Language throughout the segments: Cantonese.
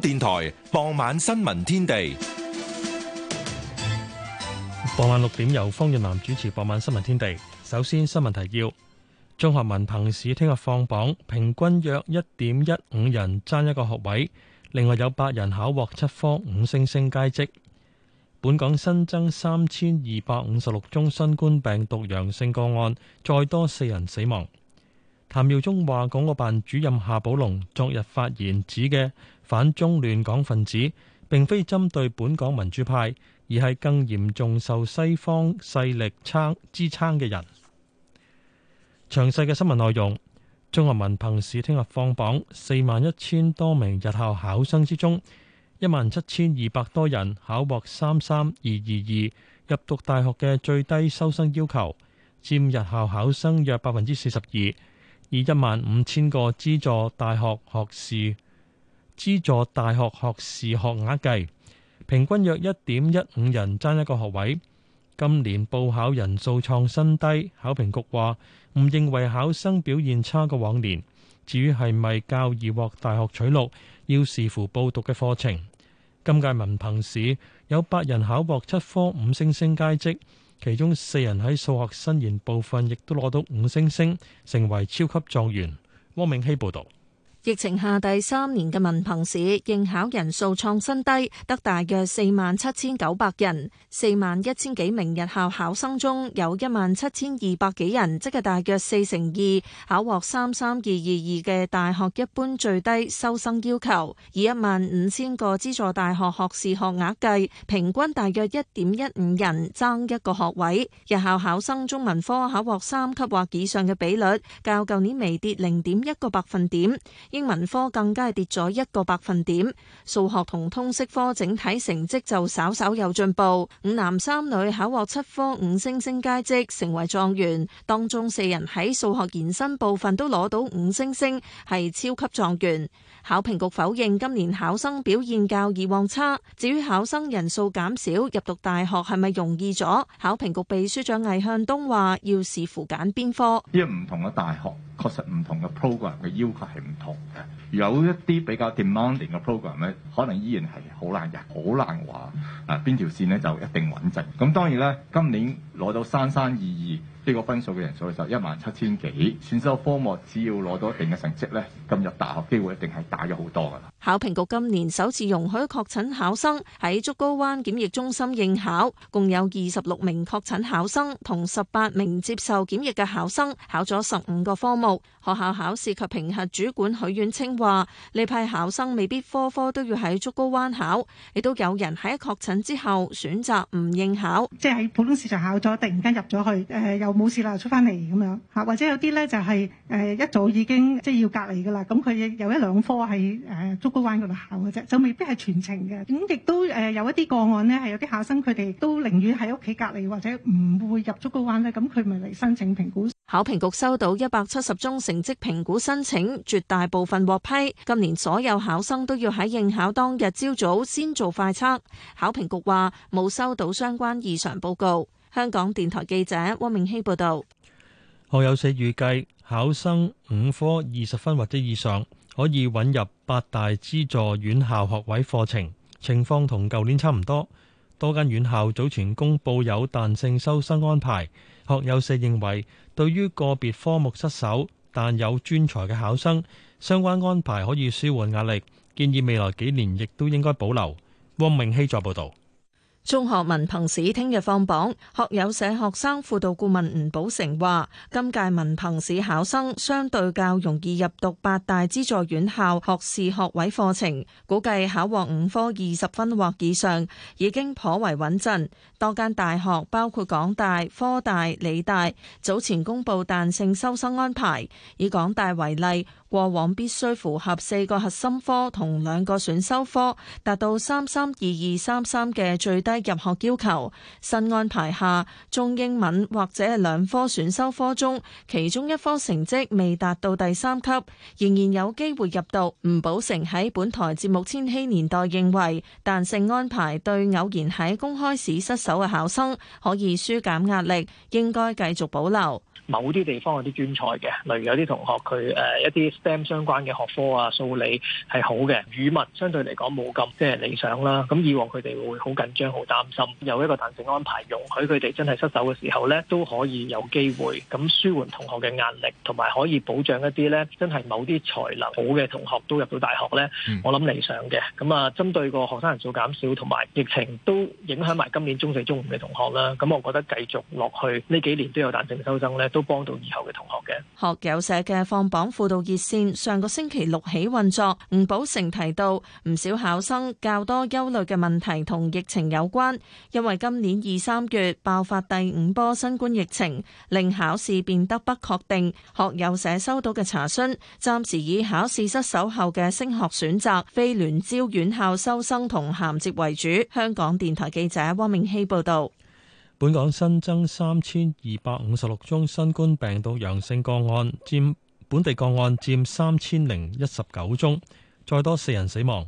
電台傍，傍晚新聞天地，傍晚六點由方潤南主持。傍晚新聞天地，首先新聞提要：中學文憑試聽日放榜，平均約一點一五人爭一個學位。另外有八人考獲七科五星星佳績。本港新增三千二百五十六宗新冠病毒陽性個案，再多四人死亡。譚耀宗話，港澳辦主任夏寶龍昨日發言指嘅。反中亂港分子並非針對本港民主派，而係更嚴重受西方勢力撐支撐嘅人。詳細嘅新聞內容，中學文憑試聽日放榜，四萬一千多名日校考生之中，一萬七千二百多人考獲三三二二二入讀大學嘅最低收生要求，佔日校考生約百分之四十二，以一萬五千個資助大學學士資助大學學士學額計，平均約一點一五人爭一個學位。今年報考人數創新低，考評局話唔認為考生表現差過往年。至於係咪較易獲大學取錄，要視乎報讀嘅課程。今屆文憑試有八人考獲七科五星星佳績，其中四人喺數學伸延部分亦都攞到五星星，成為超級狀元。汪明希報道。疫情下第三年嘅文憑試應考人數創新低，得大約四萬七千九百人。四萬一千幾名日校考生中，有一萬七千二百幾人，即係大約四成二考獲三三二二二嘅大學一般最低收生要求。以一萬五千個資助大學學士學額計，平均大約一點一五人爭一個學位。日校考生中文科考獲三級或以上嘅比率，較舊年微跌零點一個百分點。英文科更加跌咗一個百分點，數學同通識科整體成績就稍稍有進步。五男三女考獲七科五星星佳績，成為狀元。當中四人喺數學延伸部分都攞到五星星，係超級狀元。考評局否認今年考生表現較以往差。至於考生人數減少入讀大學係咪容易咗？考評局秘書長魏向東話，要視乎揀邊科，因為唔同嘅大學確實唔同嘅 program 嘅要求係唔同嘅。有一啲比較 demanding 嘅 program 咧，可能依然係好難入、好難話啊邊條線咧就一定穩陣。咁當然啦，今年攞到三三二二。呢個分數嘅人數就一萬七千幾，選修科目只要攞到一定嘅成績呢，咁入大學機會一定係大咗好多噶啦。考評局今年首次容許確診考生喺竹篙灣檢疫中心應考，共有二十六名確診考生同十八名接受檢疫嘅考生考咗十五個科目。學校考試及評核主管許遠清話：呢批考生未必科科都要喺竹篙灣考，亦都有人喺確診之後選擇唔應考，即係喺普通市場考咗，突然間入咗去，呃冇事啦，出翻嚟咁樣嚇，或者有啲咧就係、是、誒一早已經即係、就是、要隔離嘅啦，咁佢有一兩科喺誒竹篙灣嗰度考嘅啫，就未必係全程嘅。咁亦都誒有一啲個案呢，係有啲考生佢哋都寧願喺屋企隔離或者唔會入竹篙灣咧，咁佢咪嚟申請評估。考評局收到一百七十宗成績評估申請，絕大部分獲批。今年所有考生都要喺應考當日朝早先做快測。考評局話冇收到相關異常報告。香港電台記者汪明希報道。學友社預計考生五科二十分或者以上可以穩入八大資助院校學位課程，情況同舊年差唔多。多間院校早前公布有彈性收生安排，學友社認為對於個別科目失手但有專才嘅考生，相關安排可以舒緩壓力，建議未來幾年亦都應該保留。汪明希再報道。中學文憑試聽日放榜，學友社學生輔導顧問吳寶成話：今屆文憑試考生相對較容易入讀八大資助院校學士學位課程，估計考獲五科二十分或以上，已經頗為穩陣。多間大學包括港大、科大、理大早前公布彈性收生安排，以港大為例。過往必須符合四個核心科同兩個選修科，達到三三二二三三嘅最低入學要求。新安排下，中英文或者係兩科選修科中，其中一科成績未達到第三級，仍然有機會入讀。吳寶城喺本台節目《千禧年代》認為，彈性安排對偶然喺公開試失手嘅考生可以舒減壓力，應該繼續保留。某啲地方有啲專才嘅，例如有啲同學佢誒一啲。相關嘅學科啊、數理係好嘅，語文相對嚟講冇咁即係理想啦。咁以往佢哋會好緊張、好擔心，有一個彈性安排，容許佢哋真係失手嘅時候呢，都可以有機會咁舒緩同學嘅壓力，同埋可以保障一啲呢真係某啲才能好嘅同學都入到大學呢。嗯、我諗理想嘅。咁啊，針對個學生人數減少同埋疫情都影響埋今年中四、中五嘅同學啦，咁我覺得繼續落去呢幾年都有彈性收生呢，都幫到以後嘅同學嘅。學友社嘅放榜輔導熱。上個星期六起運作，吳寶成提到，唔少考生較多憂慮嘅問題同疫情有關，因為今年二三月爆發第五波新冠疫情，令考試變得不確定。學友社收到嘅查詢，暫時以考試失守後嘅升學選擇、非聯招院校收生同銜接為主。香港電台記者汪明熙報道，本港新增三千二百五十六宗新冠病毒陽性個案，佔。本地個案佔三千零一十九宗，再多四人死亡，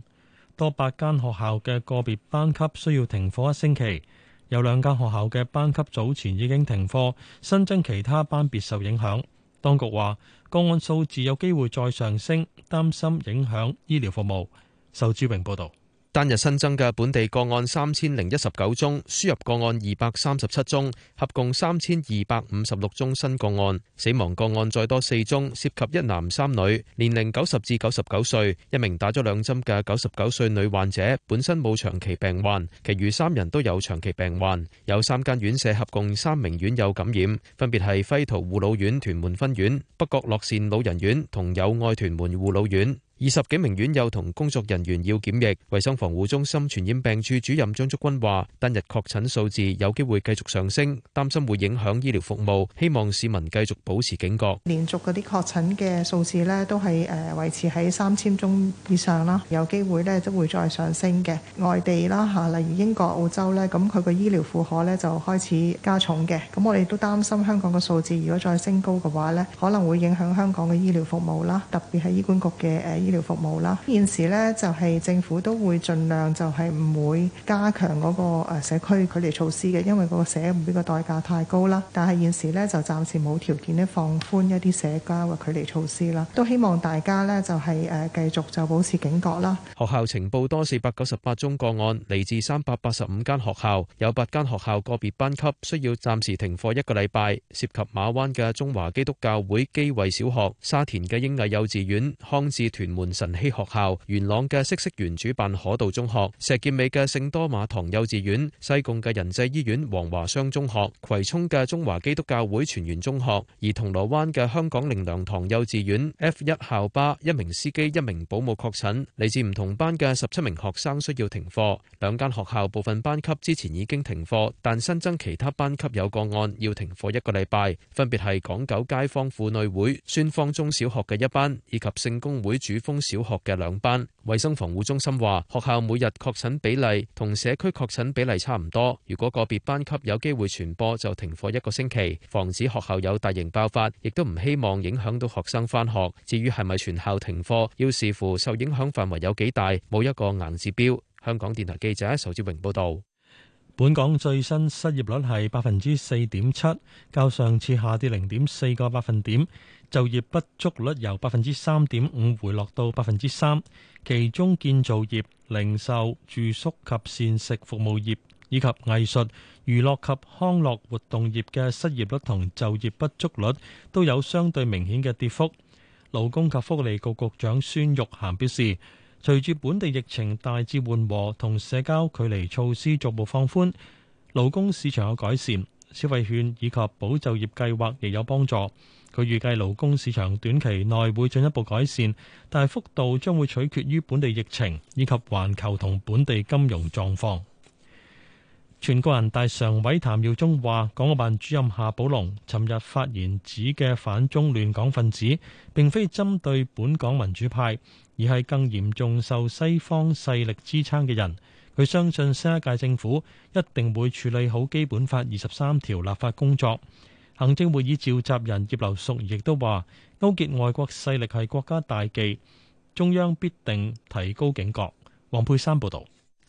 多八間學校嘅個別班級需要停課一星期，有兩間學校嘅班級早前已經停課，新增其他班別受影響。當局話個案數字有機會再上升，擔心影響醫療服務。仇志榮報道。單日新增嘅本地個案三千零一十九宗，輸入個案二百三十七宗，合共三千二百五十六宗新個案，死亡個案再多四宗，涉及一男三女，年齡九十至九十九歲。一名打咗兩針嘅九十九歲女患者本身冇長期病患，其餘三人都有長期病患。有三間院舍合共三名院友感染，分別係輝圖護老院屯門分院、北角樂善老人院同友愛屯門護老院。二十幾名院友同工作人員要檢疫，衞生防護中心傳染病處主任張竹君話：單日確診數字有機會繼續上升，擔心會影響醫療服務，希望市民繼續保持警覺。連續嗰啲確診嘅數字呢，都係誒維持喺三千宗以上啦，有機會呢都會再上升嘅。外地啦嚇，例如英國、澳洲呢，咁佢個醫療負荷呢就開始加重嘅。咁我哋都擔心香港嘅數字，如果再升高嘅話呢，可能會影響香港嘅醫療服務啦，特別係醫管局嘅誒。醫療服務啦，現時呢就係政府都會盡量就係唔會加強嗰個誒社區距離措施嘅，因為嗰個社會個代價太高啦。但係現時呢就暫時冇條件咧放寬一啲社交嘅距離措施啦，都希望大家呢就係誒繼續就保持警覺啦。學校情報多四百九十八宗個案，嚟自三百八十五間學校，有八間學校個別班級需要暫時停課一個禮拜，涉及馬灣嘅中華基督教會基慧小學、沙田嘅英藝幼稚園、康智屯。屯神希學校、元朗嘅嗇色園主辦可道中學、石硖尾嘅聖多馬堂幼稚園、西貢嘅仁濟醫院王華湘中學、葵涌嘅中華基督教會全完中學，而銅鑼灣嘅香港靈糧堂幼稚園 F 一校巴一名司機、一名保姆確診，嚟自唔同班嘅十七名學生需要停課。兩間學校部分班級之前已經停課，但新增其他班級有個案要停課一個禮拜，分別係港九街坊婦女會孫方中小學嘅一班，以及聖公會主。中小學嘅兩班。衛生防護中心話，學校每日確診比例同社區確診比例差唔多。如果個別班級有機會傳播，就停課一個星期，防止學校有大型爆發，亦都唔希望影響到學生翻學。至於係咪全校停課，要視乎受影響範圍有幾大，冇一個硬指標。香港電台記者仇志榮報道。本港最新失業率係百分之四點七，較上次下跌零點四個百分點。就業不足率由百分之三點五回落到百分之三，其中建造業、零售、住宿及膳食服務業以及藝術、娛樂及康樂活動業嘅失業率同就業不足率都有相對明顯嘅跌幅。勞工及福利局局長孫玉菡表示，隨住本地疫情大致緩和同社交距離措施逐步放寬，勞工市場有改善，消費券以及保就業計劃亦有幫助。佢預計勞工市場短期內會進一步改善，但係幅度將會取決於本地疫情以及環球同本地金融狀況。全國人大常委譚耀宗話，港澳辦主任夏寶龍尋日發言指嘅反中亂港分子，並非針對本港民主派，而係更嚴重受西方勢力支撐嘅人。佢相信新一屆政府一定會處理好《基本法》二十三條立法工作。行政會議召集人葉劉淑儀亦都話：勾結外國勢力係國家大忌，中央必定提高警覺。黃佩珊報導。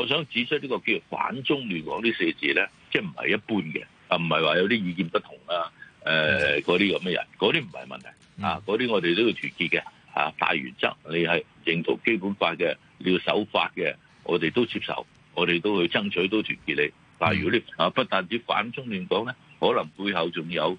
我想指出呢個叫反中亂港呢四字咧，即係唔係一般嘅，啊唔係話有啲意見不同啦、啊，誒嗰啲咁嘅人，嗰啲唔係問題啊，嗰啲我哋都要團結嘅，啊大原則你係認同基本法嘅，你要守法嘅，我哋都接受，我哋都去爭取都團結你。但如果啲啊不單止反中亂港咧，可能背後仲有誒、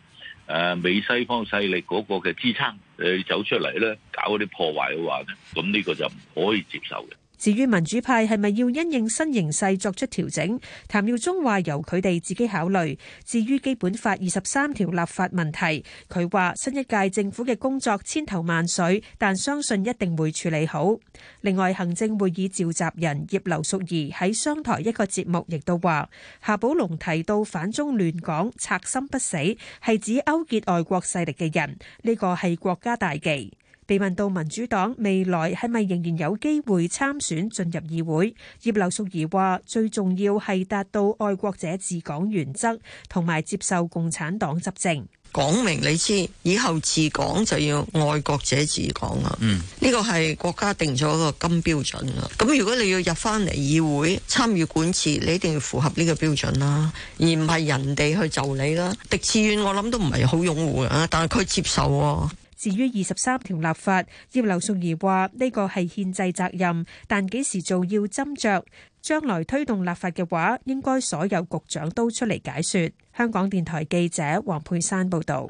啊、美西方勢力嗰個嘅支撐你走出嚟咧，搞啲破壞嘅話咧，咁呢個就唔可以接受嘅。至於民主派係咪要因應新形勢作出調整？譚耀宗話由佢哋自己考慮。至於基本法二十三條立法問題，佢話新一屆政府嘅工作千頭萬緒，但相信一定會處理好。另外，行政會議召集人葉劉淑儀喺商台一個節目亦都話，夏寶龍提到反中亂港、賊心不死係指勾結外國勢力嘅人，呢個係國家大忌。被問到民主黨未來係咪仍然有機會參選進入議會，葉劉淑儀話：最重要係達到愛國者治港原則，同埋接受共產黨執政。講明你知，以後治港就要愛國者治港啦。嗯，呢個係國家定咗個金標準啦。咁如果你要入返嚟議會參與管治，你一定要符合呢個標準啦，而唔係人哋去就你啦。狄志遠我諗都唔係好擁護啊，但係佢接受喎。至於二十三條立法，葉劉淑儀話呢個係憲制責任，但幾時做要斟酌。將來推動立法嘅話，應該所有局長都出嚟解説。香港電台記者黃佩珊報導。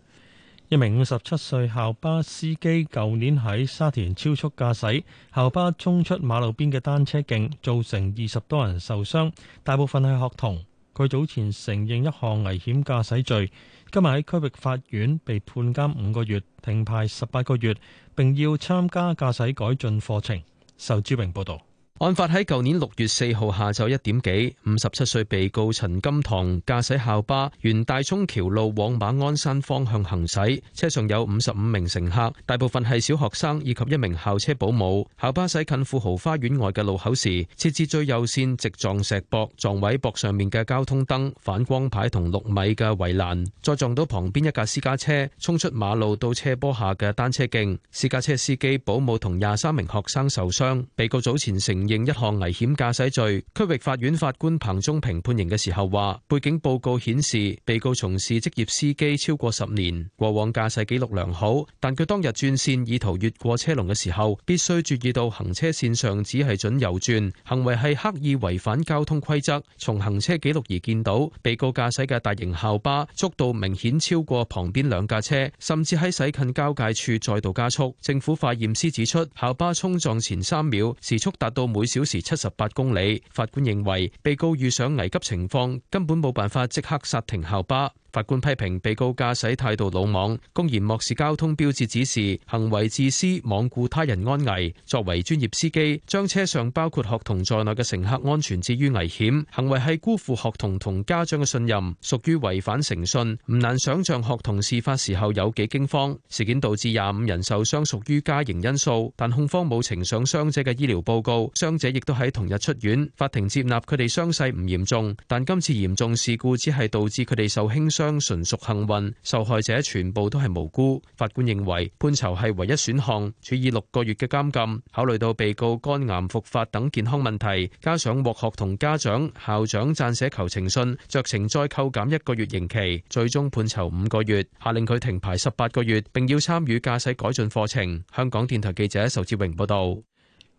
一名五十七歲校巴司機，舊年喺沙田超速駕駛，校巴衝出馬路邊嘅單車徑，造成二十多人受傷，大部分係學童。佢早前承認一項危險駕駛罪。今日喺區域法院被判監五個月，停牌十八個月，並要參加駕駛改進課程。仇志榮報導。案發喺舊年六月四號下晝一點幾，五十七歲被告陳金堂駕駛校巴沿大涌橋路往馬鞍山方向行駛，車上有五十五名乘客，大部分係小學生以及一名校車保姆。校巴駛近富豪花園外嘅路口時，駛至最右線直撞石駁，撞位駁上面嘅交通燈反光牌同六米嘅圍欄，再撞到旁邊一架私家車，衝出馬路到斜坡下嘅單車徑。私家車司機、保姆同廿三名學生受傷。被告早前承認。認一項危險駕駛罪，區域法院法官彭忠平判刑嘅時候話，背景報告顯示，被告從事職業司機超過十年，過往駕駛記錄良好，但佢當日轉綫意圖越過車龍嘅時候，必須注意到行車綫上只係准右轉，行為係刻意違反交通規則。從行車記錄儀見到，被告駕駛嘅大型校巴速度明顯超過旁邊兩架車，甚至喺駛近交界處再度加速。政府化驗師指出，校巴衝撞前三秒時速達到每每小時七十八公里，法官認為被告遇上危急情況，根本冇辦法即刻剎停校巴。法官批評被告駕駛態度魯莽，公然漠視交通標誌指示，行為自私，罔顧他人安危。作為專業司機，將車上包括學童在內嘅乘客安全置於危險，行為係辜負學童同家長嘅信任，屬於違反誠信。唔難想象學童事發時候有幾驚慌。事件導致廿五人受傷，屬於加刑因素，但控方冇呈上傷者嘅醫療報告，傷者亦都喺同日出院。法庭接納佢哋傷勢唔嚴重，但今次嚴重事故只係導致佢哋受輕傷。將純屬幸運，受害者全部都係無辜。法官認為判囚係唯一選項，處以六個月嘅監禁。考慮到被告肝癌復發等健康問題，加上獲學童家長、校長撰寫求情信，酌情再扣減一個月刑期，最終判囚五個月，下令佢停牌十八個月，並要參與駕駛改進課程。香港電台記者仇志榮報道。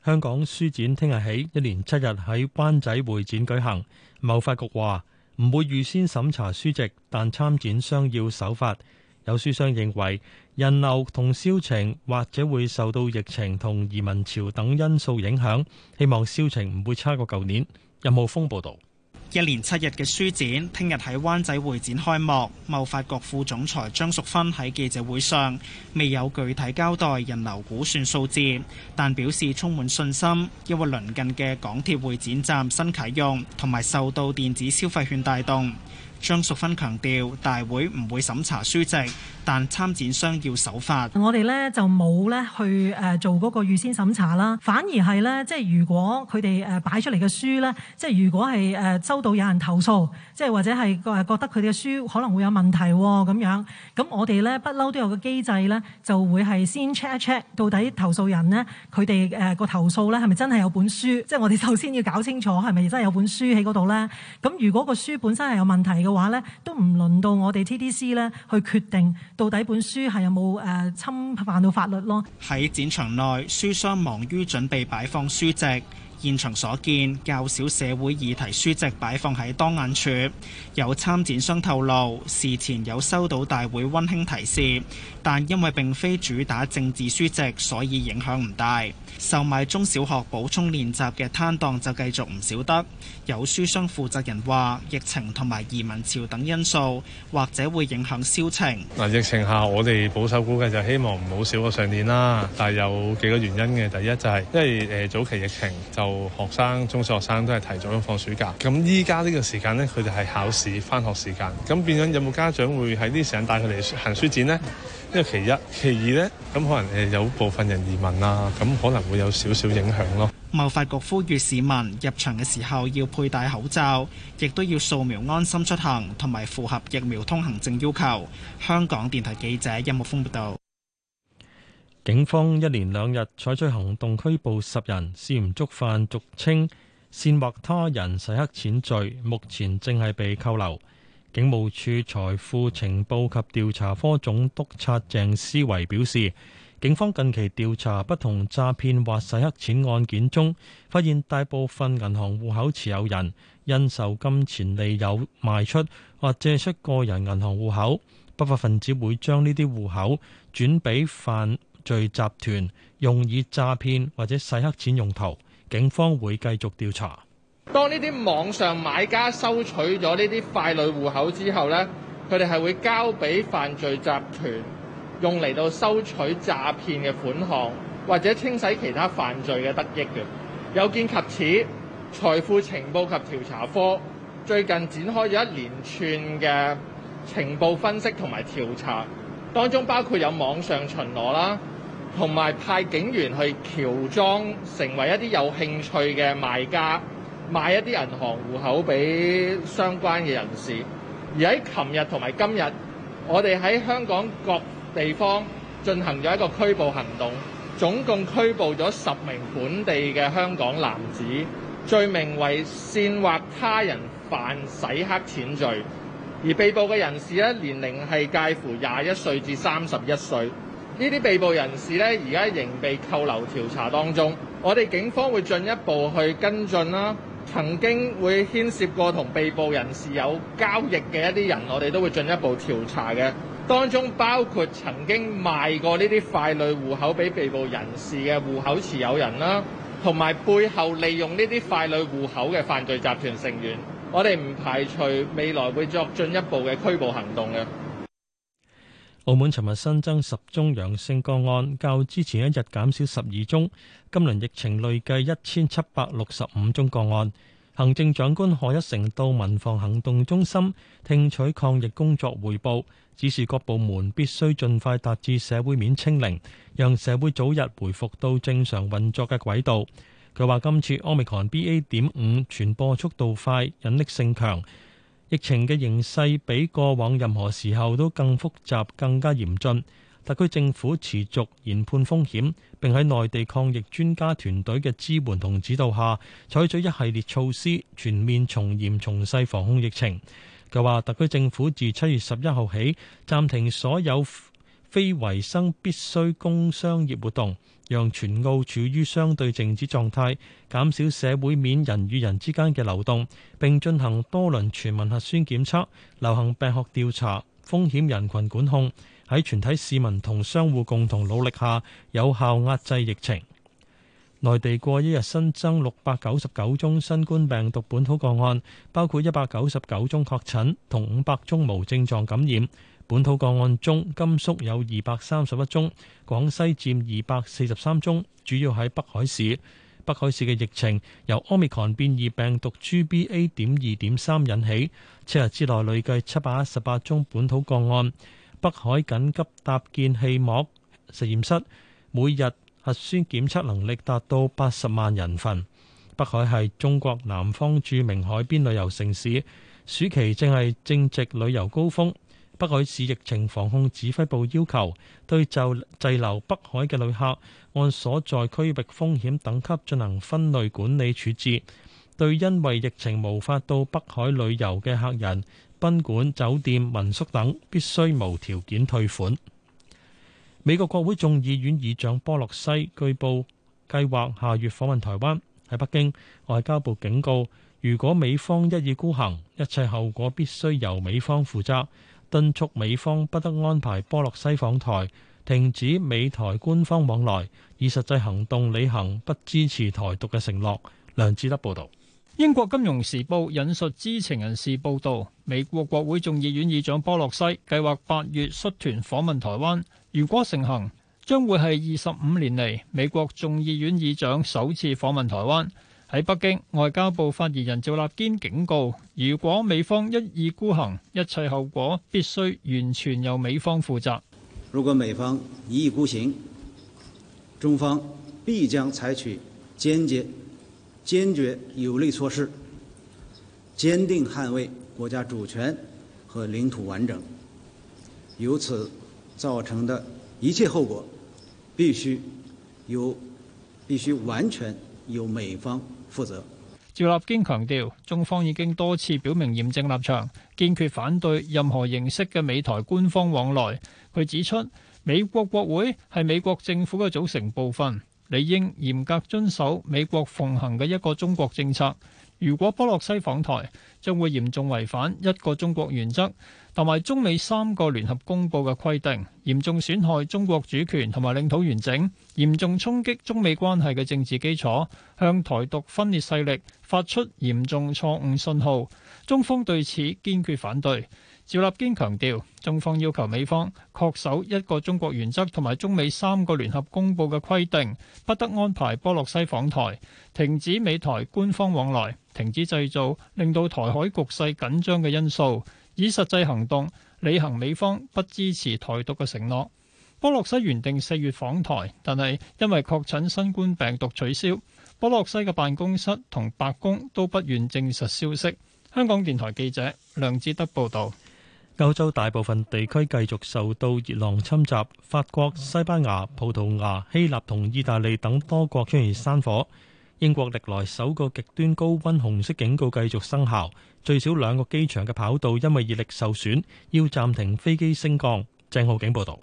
香港書展聽日起一連七日喺灣仔會展舉行。貿發局話。唔會預先審查書籍，但參展商要守法。有書商認為，人流同銷情或者會受到疫情同移民潮等因素影響，希望銷情唔會差過舊年。任浩峯報導。一連七日嘅書展，聽日喺灣仔會展開幕。貿發局副總裁張淑芬喺記者會上未有具體交代人流估算數字，但表示充滿信心，因為鄰近嘅港鐵會展站新啟用，同埋受到電子消費券帶動。張淑芬強調，大會唔會審查書籍，但參展商要守法。我哋咧就冇咧去誒做嗰個預先審查啦，反而係咧即係如果佢哋誒擺出嚟嘅書咧，即係如果係誒收到有人投訴，即係或者係誒覺得佢哋嘅書可能會有問題咁樣，咁我哋咧不嬲都有個機制咧，就會係先 check 一 check 到底投訴人咧佢哋誒個投訴咧係咪真係有本書，即係我哋首先要搞清楚係咪真係有本書喺嗰度咧。咁如果個書本身係有問題嘅。話咧都唔輪到我哋 TDC 咧去決定到底本書係有冇誒侵犯到法律咯。喺 展場內，書商忙於準備擺放書籍，現場所見較少社會議題書籍擺放喺當眼處。有參展商透露，事前有收到大會溫馨提示，但因為並非主打政治書籍，所以影響唔大。售賣中小學補充練習嘅攤檔就繼續唔少得。有書商負責人話：疫情同埋移民潮等因素，或者會影響銷情。嗱，疫情下我哋保守估計就希望唔好少過上年啦。但係有幾個原因嘅，第一就係、是、因為誒、呃、早期疫情就學生中小學生都係提早放暑假，咁依家呢個時間咧佢哋係考試。翻返學時間，咁變咗有冇家長會喺啲時間帶佢嚟行書展呢？呢為其一，其二呢，咁可能誒有部分人移民啊，咁可能會有少少影響咯。貿發局呼籲市民入場嘅時候要佩戴口罩，亦都要掃描安心出行，同埋符合疫苗通行證要求。香港電台記者音木豐報導。警方一連兩日採取行動，拘捕十人，涉嫌觸犯，俗稱，煽惑他人洗黑錢罪，目前正係被扣留。警務處財富情報及調查科總督察鄭思維表示，警方近期調查不同詐騙或洗黑錢案件中，發現大部分銀行戶口持有人因受金錢利誘賣出或借出個人銀行戶口，不法分子會將呢啲戶口轉俾犯罪集團用以詐騙或者洗黑錢用途。警方會繼續調查。當呢啲網上買家收取咗呢啲傀儡戶口之後呢，佢哋係會交俾犯罪集團用嚟到收取詐騙嘅款項，或者清洗其他犯罪嘅得益嘅。有見及此，財富情報及調查科最近展開咗一連串嘅情報分析同埋調查，當中包括有網上巡邏啦。同埋派警員去喬裝成為一啲有興趣嘅賣家，買一啲銀行戶口俾相關嘅人士。而喺琴日同埋今日，我哋喺香港各地方進行咗一個拘捕行動，總共拘捕咗十名本地嘅香港男子，罪名為煽惑他人犯洗黑錢罪。而被捕嘅人士咧，年齡係介乎廿一歲至三十一歲。呢啲被捕人士咧，而家仍被扣留調查當中。我哋警方會進一步去跟進啦。曾經會牽涉過同被捕人士有交易嘅一啲人，我哋都會進一步調查嘅。當中包括曾經賣過呢啲傀儡戶口俾被捕人士嘅戶口持有人啦，同埋背後利用呢啲傀儡戶口嘅犯罪集團成員，我哋唔排除未來會作進一步嘅拘捕行動嘅。澳門尋日新增十宗陽性個案，較之前一日減少十二宗。今輪疫情累計一千七百六十五宗個案。行政長官賀一誠到民防行動中心聽取抗疫工作匯報，指示各部門必須盡快達至社會面清零，讓社會早日回復到正常運作嘅軌道。佢話今次奧密克戎 BA. 點五傳播速度快，隱匿性強。疫情嘅形勢比過往任何時候都更複雜、更加嚴峻。特區政府持續研判風險，並喺內地抗疫專家團隊嘅支援同指導下，採取一系列措施，全面從嚴從細防控疫情。佢話：特區政府自七月十一號起，暫停所有非維生必需工商業活動。讓全澳處於相對靜止狀態，減少社會面人與人之間嘅流動，並進行多輪全民核酸檢測、流行病學調查、風險人群管控。喺全體市民同商戶共同努力下，有效壓制疫情。內地過一日新增六百九十九宗新冠病毒本土個案，包括一百九十九宗確診同五百宗無症狀感染。本土個案中，甘肅有二百三十一宗，廣西佔二百四十三宗，主要喺北海市。北海市嘅疫情由奧密克戎變異病毒 G B A. 點二點三引起，七日之內累計七百一十八宗本土個案。北海緊急搭建氣膜實驗室，每日核酸檢測能力達到八十萬人份。北海係中國南方著名海邊旅遊城市，暑期正係正值旅遊高峰。北海市疫情防控指揮部要求對就滯留北海嘅旅客，按所在區域風險等級進行分類管理處置。對因為疫情無法到北海旅遊嘅客人，賓館、酒店、民宿等必須無條件退款。美國國會眾議院議長波洛西據報計劃下月訪問台灣。喺北京，外交部警告，如果美方一意孤行，一切後果必須由美方負責。敦促美方不得安排波洛西訪台，停止美台官方往來，以實際行動履行不支持台獨嘅承諾。梁志德報道。英國金融時報引述知情人士報道，美國國會眾議院議長波洛西計劃八月率團訪問台灣，如果成行，將會係二十五年嚟，美國眾議院議長首次訪問台灣。喺北京，外交部發言人趙立堅警告：如果美方一意孤行，一切後果必須完全由美方負責。如果美方一意孤行，中方必將採取堅決、堅決有力措施，堅定捍衛國家主權和領土完整。由此造成的一切後果，必須由，必須完全由美方負責。趙立堅強調，中方已經多次表明嚴正立場，堅決反對任何形式嘅美台官方往來。佢指出，美國國會係美國政府嘅組成部分，理應嚴格遵守美國奉行嘅一個中國政策。如果波洛西訪台，將會嚴重違反一個中國原則。同埋中美三個聯合公報嘅規定，嚴重損害中國主權同埋領土完整，嚴重衝擊中美關係嘅政治基礎，向台獨分裂勢力發出嚴重錯誤信號。中方對此堅決反對。趙立堅強調，中方要求美方恪守一個中國原則同埋中美三個聯合公報嘅規定，不得安排波洛西訪台，停止美台官方往來，停止製造令到台海局勢緊張嘅因素。以實際行動履行美方不支持台獨嘅承諾。波洛西原定四月訪台，但係因為確診新冠病毒取消。波洛西嘅辦公室同白宮都不願證實消息。香港電台記者梁志德報道。歐洲大部分地區繼續受到熱浪侵襲，法國、西班牙、葡萄牙、希臘同意大利等多國出現山火。英國歷來首個極端高温紅色警告繼續生效，最少兩個機場嘅跑道因為熱力受損，要暫停飛機升降。鄭浩景報道，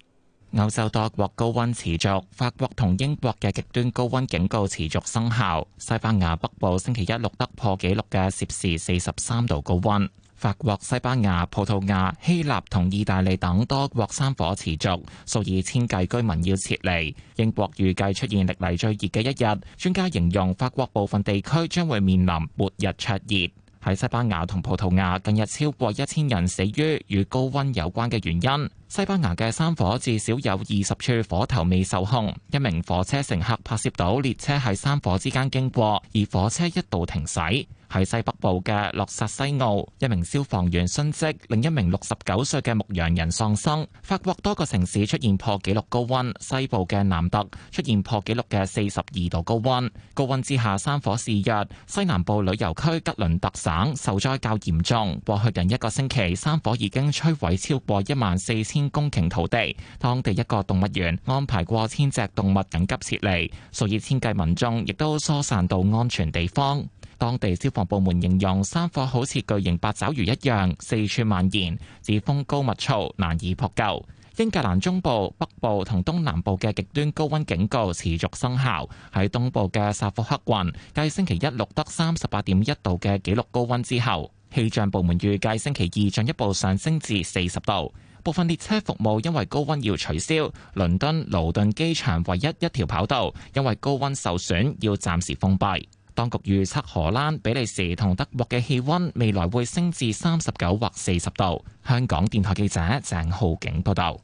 歐洲多國高温持續，法國同英國嘅極端高温警告持續生效。西班牙北部星期一錄得破紀錄嘅攝氏四十三度高温。法國、西班牙、葡萄牙、希臘同意大利等多國山火持續，數以千計居民要撤離。英國預計出現歷嚟最熱嘅一日，專家形容法國部分地區將會面臨末日灼熱。喺西班牙同葡萄牙，近日超過一千人死於與高溫有關嘅原因。西班牙嘅山火至少有二十處火頭未受控，一名火車乘客拍攝到列車喺山火之間經過，而火車一度停駛。喺西北部嘅洛薩西奧，一名消防員殉職，另一名六十九歲嘅牧羊人喪生。法國多個城市出現破紀錄高溫，西部嘅南特出現破紀錄嘅四十二度高溫。高溫之下，山火肆虐，西南部旅遊區吉倫特省受災較嚴重。過去近一個星期，山火已經摧毀超過一萬四千公頃土地，當地一個動物園安排過千隻動物緊急撤離，數以千計民眾亦都疏散到安全地方。當地消防部門形容山火好似巨型八爪魚一樣四處蔓延，指風高物燥，難以撲救。英格蘭中部、北部同東南部嘅極端高溫警告持續生效。喺東部嘅薩福克郡繼星期一錄得三十八點一度嘅紀錄高溫之後，氣象部門預計星期二進一步上升至四十度。部分列車服務因為高溫要取消，倫敦盧頓機場唯一一條跑道因為高溫受損，要暫時封閉。當局預測荷蘭、比利時同德國嘅氣溫未來會升至三十九或四十度。香港電台記者鄭浩景報道。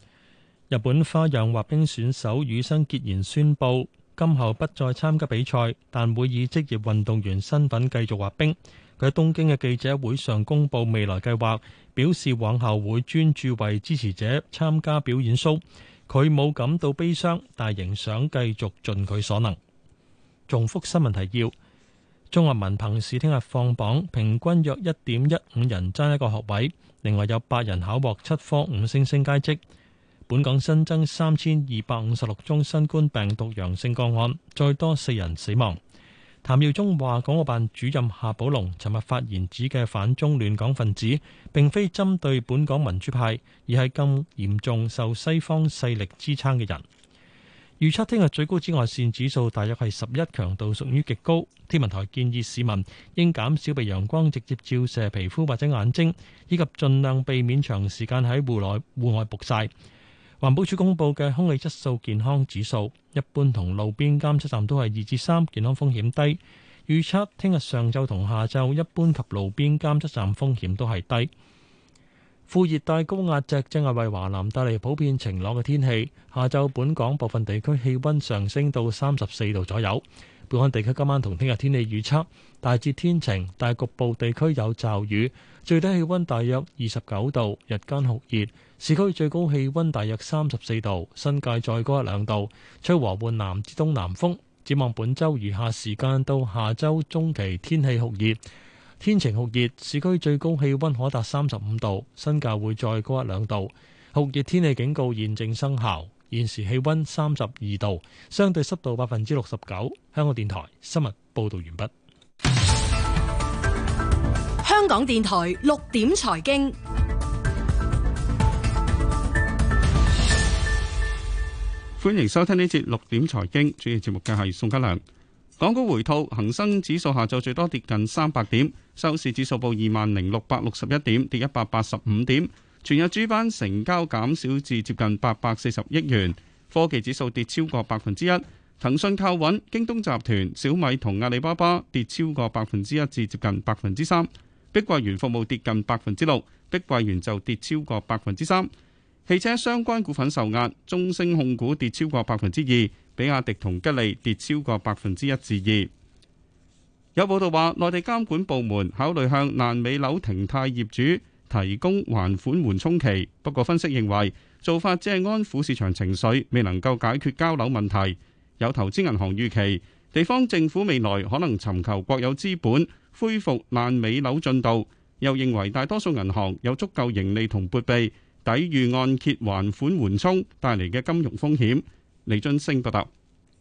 日本花樣滑冰選手羽生結弦宣布，今後不再參加比賽，但會以職業運動員身份繼續滑冰。佢喺東京嘅記者會上公布未來計劃，表示往後會專注為支持者參加表演 show。佢冇感到悲傷，但仍想繼續盡佢所能。重複新聞提要：中學文憑試聽日放榜，平均約一點一五人爭一個學位。另外有八人考獲七科五星星級。本港新增三千二百五十六宗新冠病毒陽性個案，再多四人死亡。譚耀宗話，港澳辦主任夏寶龍尋日發言指嘅反中亂港分子，並非針對本港民主派，而係更嚴重受西方勢力支撐嘅人。預測聽日最高紫外線指數大約係十一，強度屬於極高。天文台建議市民應減少被陽光直接照射皮膚或者眼睛，以及盡量避免長時間喺戶外戶外曝曬。環保署公布嘅空氣質素健康指數，一般同路邊監測站都係二至三，健康風險低。預測聽日上晝同下晝，一般及路邊監測站風險都係低。副熱帶高壓脊正係為華南帶嚟普遍晴朗嘅天氣，下晝本港部分地區氣温上升到三十四度左右。本港地區今晚同聽日天氣預測大致天晴，但局部地區有驟雨，最低氣溫大約二十九度，日間酷熱，市區最高氣溫大約三十四度，新界再高一兩度，吹和緩南至東南風。展望本週餘下時間到下週中期天氣，天氣酷熱，天晴酷熱，市區最高氣溫可達三十五度，新界會再高一兩度，酷熱天氣警告現正生效。現時氣溫三十二度，相對濕度百分之六十九。香港電台新聞報道完畢。香港電台六點財經，歡迎收聽呢節六點財經。主要節目嘅係宋嘉良。港股回吐，恒生指數下晝最多跌近三百點，收市指數報二萬零六百六十一點，跌一百八十五點。全日主板成交減少至接近八百四十億元，科技指數跌超過百分之一。騰訊靠穩，京東集團、小米同阿里巴巴跌超過百分之一至接近百分之三。碧桂園服務跌近百分之六，碧桂園就跌超過百分之三。汽車相關股份受壓，中升控股跌超過百分之二，比亞迪同吉利跌超過百分之一至二。有報道話，內地監管部門考慮向爛尾樓停貸業主，提供還款緩衝期，不過分析認為做法只係安撫市場情緒，未能夠解決交樓問題。有投資銀行預期，地方政府未來可能尋求國有資本恢復爛尾樓進度，又認為大多數銀行有足夠盈利同撥備，抵禦按揭還款緩衝帶嚟嘅金融風險。李津升報道。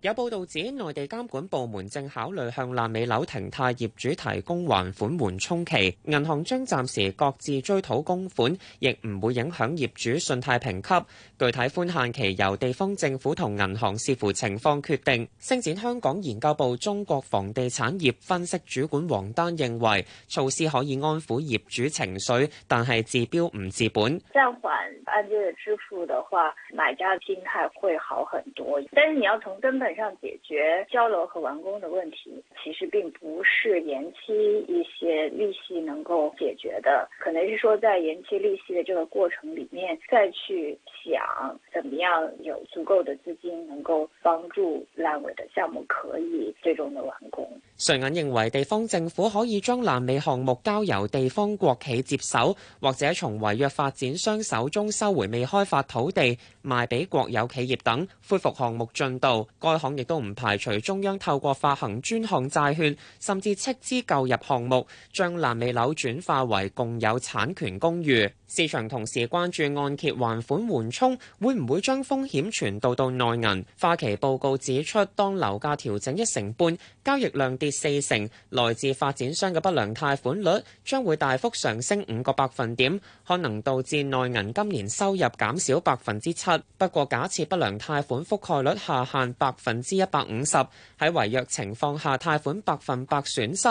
有報道指，內地監管部門正考慮向爛尾樓停貸業主提供還款緩衝期，銀行將暫時各自追討供款，亦唔會影響業主信貸評級。具體寬限期由地方政府同銀行視乎情況決定。星展香港研究部中國房地產業分析主管黃丹認為，措施可以安撫業主情緒，但係治標唔治本。暫緩按揭支付的話，買家心態會好很多，但是你要從根本上解決交樓和完工的問題，其實並不是延期一些利息能夠解決的。可能是說在延期利息的這個過程裡面，再去想怎麼樣有足夠的資金能夠幫助爛尾的項目可以最終的完工。瑞銀認為，地方政府可以將爛尾項目交由地方國企接手，或者從違約發展商手中收回未開發土地，賣俾國有企業等，恢復項目進度。該亦都唔排除中央透過發行專項債券，甚至斥資購入項目，將爛尾樓轉化為共有產權公寓。市場同時關注按揭還款緩衝會唔會將風險傳導到內銀。花旗報告指出，當樓價調整一成半，交易量跌四成，來自發展商嘅不良貸款率將會大幅上升五個百分點，可能導致內銀今年收入減少百分之七。不過假設不良貸款覆蓋率下限百分。百分之一百五十，喺違約情況下，貸款百分百損失，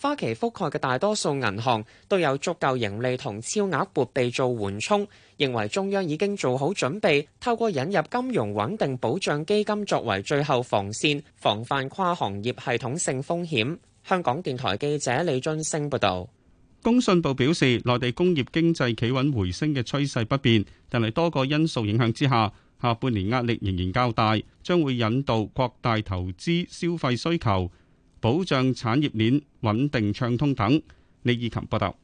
花旗覆蓋嘅大多數銀行都有足夠盈利同超額撥備做緩衝，認為中央已經做好準備，透過引入金融穩定保障基金作為最後防線，防範跨行業系統性風險。香港電台記者李津升報導。工信部表示，內地工業經濟企穩回升嘅趨勢不變，但係多個因素影響之下，下半年壓力仍然較大，將會引導擴大投資消費需求，保障產業鏈穩定暢通等。李以琴報道，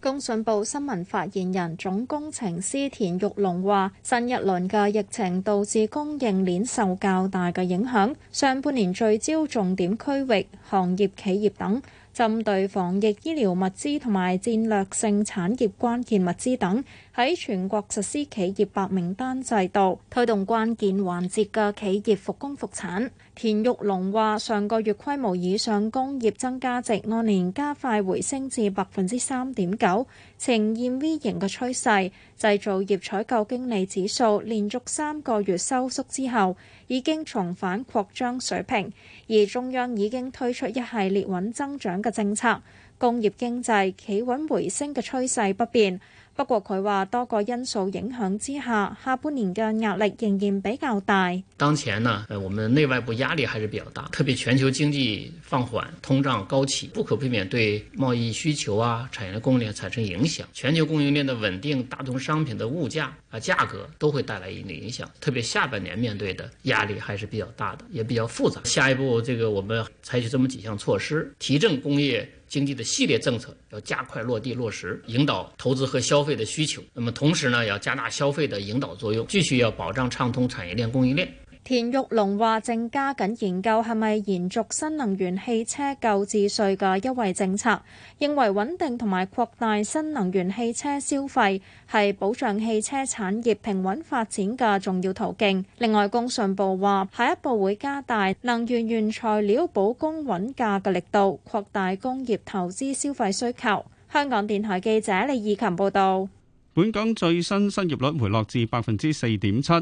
工信部新聞發言人、總工程師田玉龍話，新一輪嘅疫情導致供應鏈受較大嘅影響。上半年聚焦重點區域、行業、企業等，針對防疫醫療物資同埋戰略性產業關鍵物資等。喺全國實施企業白名單制度，推動關鍵環節嘅企業復工復產。田玉龍話：上個月規模以上工業增加值按年加快回升至百分之三點九，呈現 V 型嘅趨勢。製造業採購經理指數連續三個月收縮之後，已經重返擴張水平。而中央已經推出一系列穩增長嘅政策，工業經濟企穩回升嘅趨勢不變。不過佢話多個因素影響之下，下半年嘅壓力仍然比較大。當前呢，誒我們內外部壓力還是比較大，特別全球經濟放緩、通脹高企，不可避免對貿易需求啊、產業的供應產生影響。全球供應鏈的穩定、大宗商品的物價啊價格都會帶來一定影響。特別下半年面對的壓力還是比較大的，也比較複雜。下一步，這個我們採取取這麼幾項措施，提振工業。經濟的系列政策要加快落地落實，引導投資和消費的需求。那麼同時呢，要加大消費的引導作用，繼續要保障暢通產業鏈供應鏈。田玉龍話：正加緊研究係咪延續新能源汽車購置稅嘅優惠政策，認為穩定同埋擴大新能源汽車消費係保障汽車產業平穩發展嘅重要途徑。另外，工信部話下一步會加大能源原材料保供穩價嘅力度，擴大工業投資消費需求。香港電台記者李意琴報道。本港最新失業率回落至百分之四點七。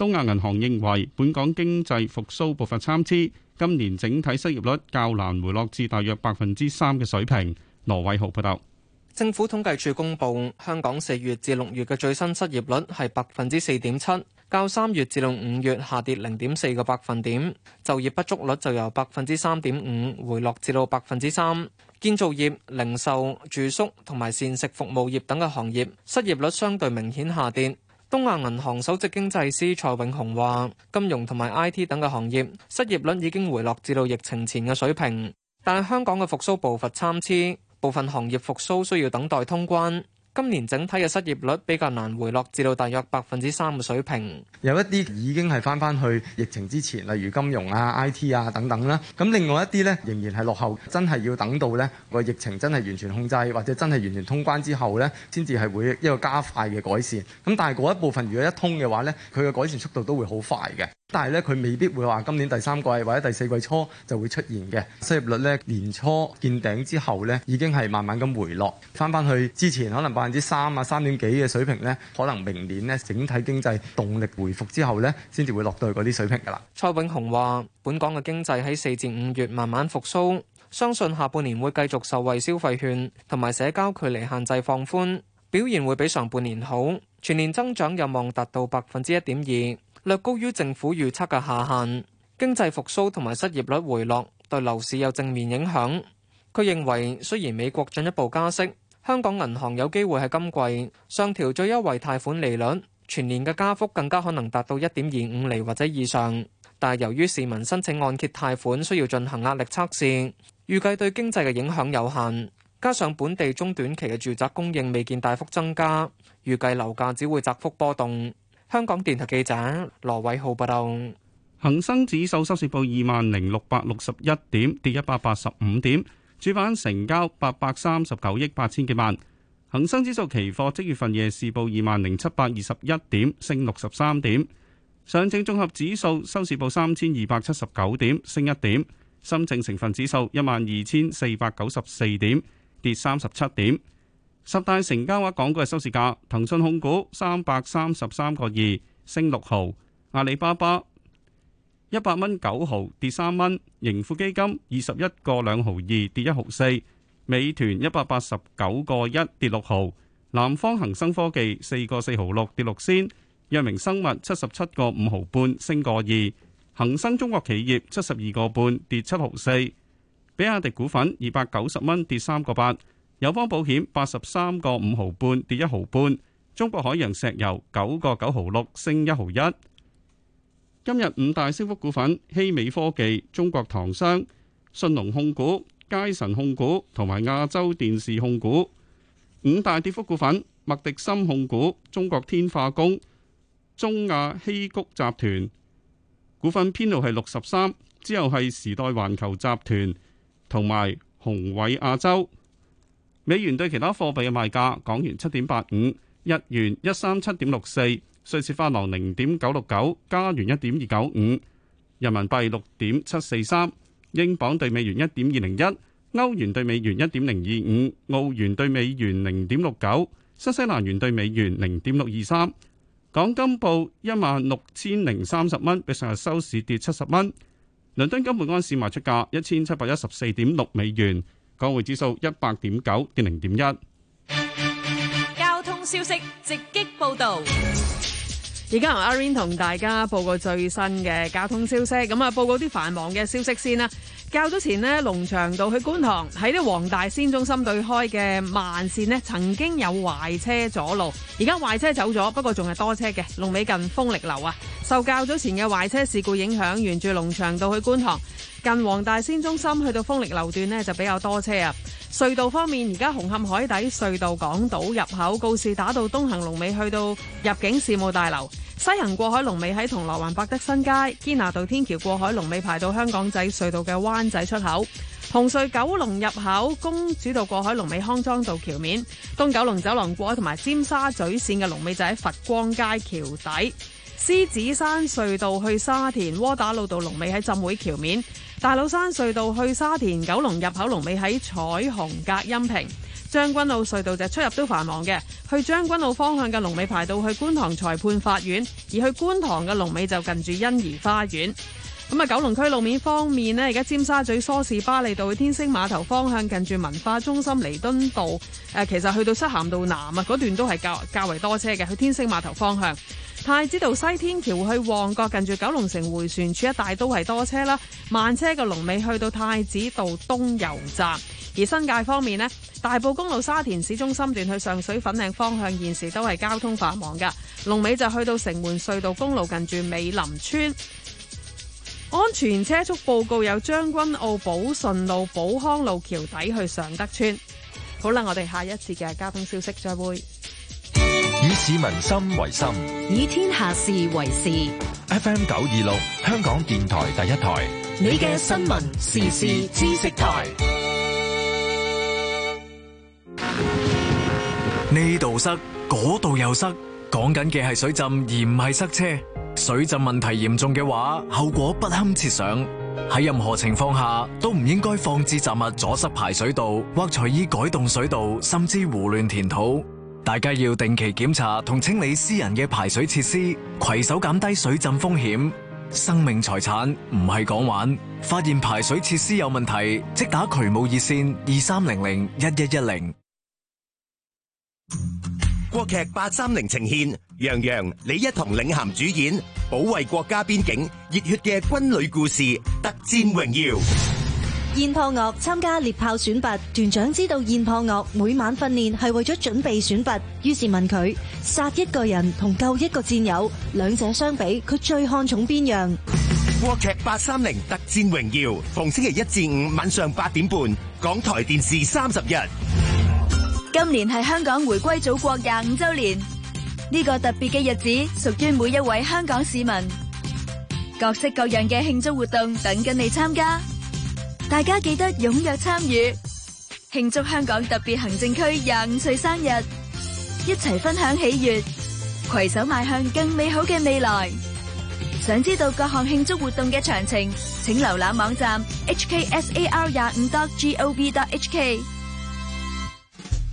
東亞銀行認為，本港經濟復甦步伐參差，今年整體失業率較難回落至大約百分之三嘅水平。羅偉豪報道。政府統計處公布香港四月至六月嘅最新失業率係百分之四點七，較三月至到五月下跌零點四個百分點。就業不足率就由百分之三點五回落至到百分之三。建造業、零售、住宿同埋膳食服務業等嘅行業，失業率相對明顯下跌。東亞銀行首席經濟師蔡永雄話，金融同埋 IT 等嘅行業失業率已經回落至到疫情前嘅水平，但係香港嘅復蘇步伐參差，部分行業復蘇需要等待通關。今年整體嘅失業率比較難回落至到大約百分之三嘅水平。有一啲已經係返返去疫情之前，例如金融啊、IT 啊等等啦。咁另外一啲呢，仍然係落後，真係要等到呢個疫情真係完全控制，或者真係完全通關之後呢，先至係會一個加快嘅改善。咁但係嗰一部分如果一通嘅話呢，佢嘅改善速度都會好快嘅。但係呢，佢未必會話今年第三季或者第四季初就會出現嘅失業率呢，年初見頂之後呢，已經係慢慢咁回落，返返去之前可能。百分之三啊，三點幾嘅水平咧，可能明年咧，整體經濟動力回復之後咧，先至會落到去嗰啲水平噶啦。蔡永雄話本港嘅經濟喺四至五月慢慢復蘇，相信下半年會繼續受惠消費券同埋社交距離限制放寬，表現會比上半年好。全年增長有望達到百分之一點二，略高於政府預測嘅下限。經濟復蘇同埋失業率回落，對樓市有正面影響，佢認為雖然美國進一步加息，香港銀行有機會係今季上調最優惠貸款利率，全年嘅加幅更加可能達到一點二五厘或者以上。但係由於市民申請按揭貸款需要進行壓力測試，預計對經濟嘅影響有限。加上本地中短期嘅住宅供應未見大幅增加，預計樓價只會窄幅波動。香港電台記者羅偉浩報道。恒生指數收市報二萬零六百六十一點，跌一百八十五點。主板成交八百三十九億八千幾萬，恒生指數期貨即月份夜市報二萬零七百二十一點，升六十三點。上證綜合指數收市報三千二百七十九點，升一點。深證成分指數一萬二千四百九十四點，跌三十七點。十大成交話講嘅收市價，騰訊控股三百三十三個二，升六毫。阿里巴巴。一百蚊九毫跌三蚊，盈富基金二十一個兩毫二跌一毫四，美團一百八十九個一跌六毫，南方恒生科技四個四毫六跌六仙，藥明生物七十七個五毫半升個二，恒生中國企業七十二個半跌七毫四，比亞迪股份二百九十蚊跌三個八，友邦保險八十三個五毫半跌一毫半，中國海洋石油九個九毫六升一毫一。今日五大升幅股份：希美科技、中國唐商、信隆控股、佳神控股同埋亞洲電視控股。五大跌幅股份：麥迪森控股、中國天化工、中亞希谷集團。股份編號係六十三，之後係時代環球集團同埋宏偉亞洲。美元對其他貨幣嘅賣價：港元七點八五，日元一三七點六四。瑞士法郎零點九六九，加元一點二九五，人民幣六點七四三，英鎊兌美元一點二零一，歐元兌美元一點零二五，澳元兌美元零點六九，新西蘭元兌美元零點六二三。港金報一萬六千零三十蚊，比上日收市跌七十蚊。倫敦金每安士賣出價一千七百一十四點六美元，港匯指數一百點九跌零點一。交通消息直擊報道。而家阿阿 rain 同大家報告最新嘅交通消息，咁啊報告啲繁忙嘅消息先啦。較早前咧，龍翔道去觀塘喺啲黃大仙中心對開嘅慢線咧，曾經有壞車阻路，而家壞車走咗，不過仲係多車嘅。龍尾近豐力樓啊，受較早前嘅壞車事故影響，沿住龍翔道去觀塘，近黃大仙中心去到豐力樓段咧就比較多車啊。隧道方面，而家紅磡海底隧道港島入口告士打道東行龍尾去到入境事務大樓。西行過海龍尾喺銅鑼灣百德新街，堅拿道天橋過海龍尾排到香港仔隧道嘅灣仔出口，紅隧九龍入口公主道過海龍尾康莊道橋面，東九龍走廊過同埋尖沙咀綫嘅龍尾就喺佛光街橋底，獅子山隧道去沙田窩打老道龍尾喺浸會橋面，大老山隧道去沙田九龍入口龍尾喺彩虹隔音屏。將軍澳隧道就出入都繁忙嘅，去將軍澳方向嘅龍尾排到去觀塘裁判法院，而去觀塘嘅龍尾就近住欣怡花園。咁啊，九龍區路面方面呢，而家尖沙咀梳士巴利道去天星碼頭方向近住文化中心彌敦道，誒，其實去到漆咸道南啊嗰段都係較較為多車嘅，去天星碼頭方向太子道西天橋去旺角近住九龍城迴旋處一帶都係多車啦，慢車嘅龍尾去到太子道東油站。而新界方面呢，大埔公路沙田市中心段去上水粉嶺方向現時都係交通繁忙噶。龍尾就去到城門隧道公路近住美林村。安全車速報告有將軍澳寶順路、寶康路橋底去上德村。好啦，我哋下一次嘅交通消息，再會。以市民心為心，以天下事為事。FM 九二六，香港電台第一台，你嘅新聞時事知識台。呢度塞，嗰度又塞，講緊嘅係水浸而唔係塞車。水浸問題嚴重嘅話，後果不堪設想。喺任何情況下都唔應該放置雜物阻塞排水道，或隨意改動水道，甚至胡亂填土。大家要定期檢查同清理私人嘅排水設施，攜手減低水浸風險。生命財產唔係講玩，發現排水設施有問題，即打渠務熱線二三零零一一一零。國劇八三零呈現楊洋、李一桐領銜主演，保衛國家邊境熱血嘅軍旅故事《特戰榮耀》。燕破岳參加獵豹選拔，團長知道燕破岳每晚訓練係為咗準備選拔，於是問佢，殺一個人同救一個戰友，兩者相比，佢最看重邊樣？國劇八三零《特戰榮耀》，逢星期一至五晚上八點半，港台電視三十日。今年係香港回歸祖國廿五周年，呢個特別嘅日子屬於每一位香港市民。各式各樣嘅慶祝活動等緊你參加，大家記得踴躍參與，慶祝香港特別行政區廿五歲生日，一齊分享喜悅，攜手邁向更美好嘅未來。想知道各項慶祝活動嘅詳情，請瀏覽網站 hksar 廿五 dot gov dot hk。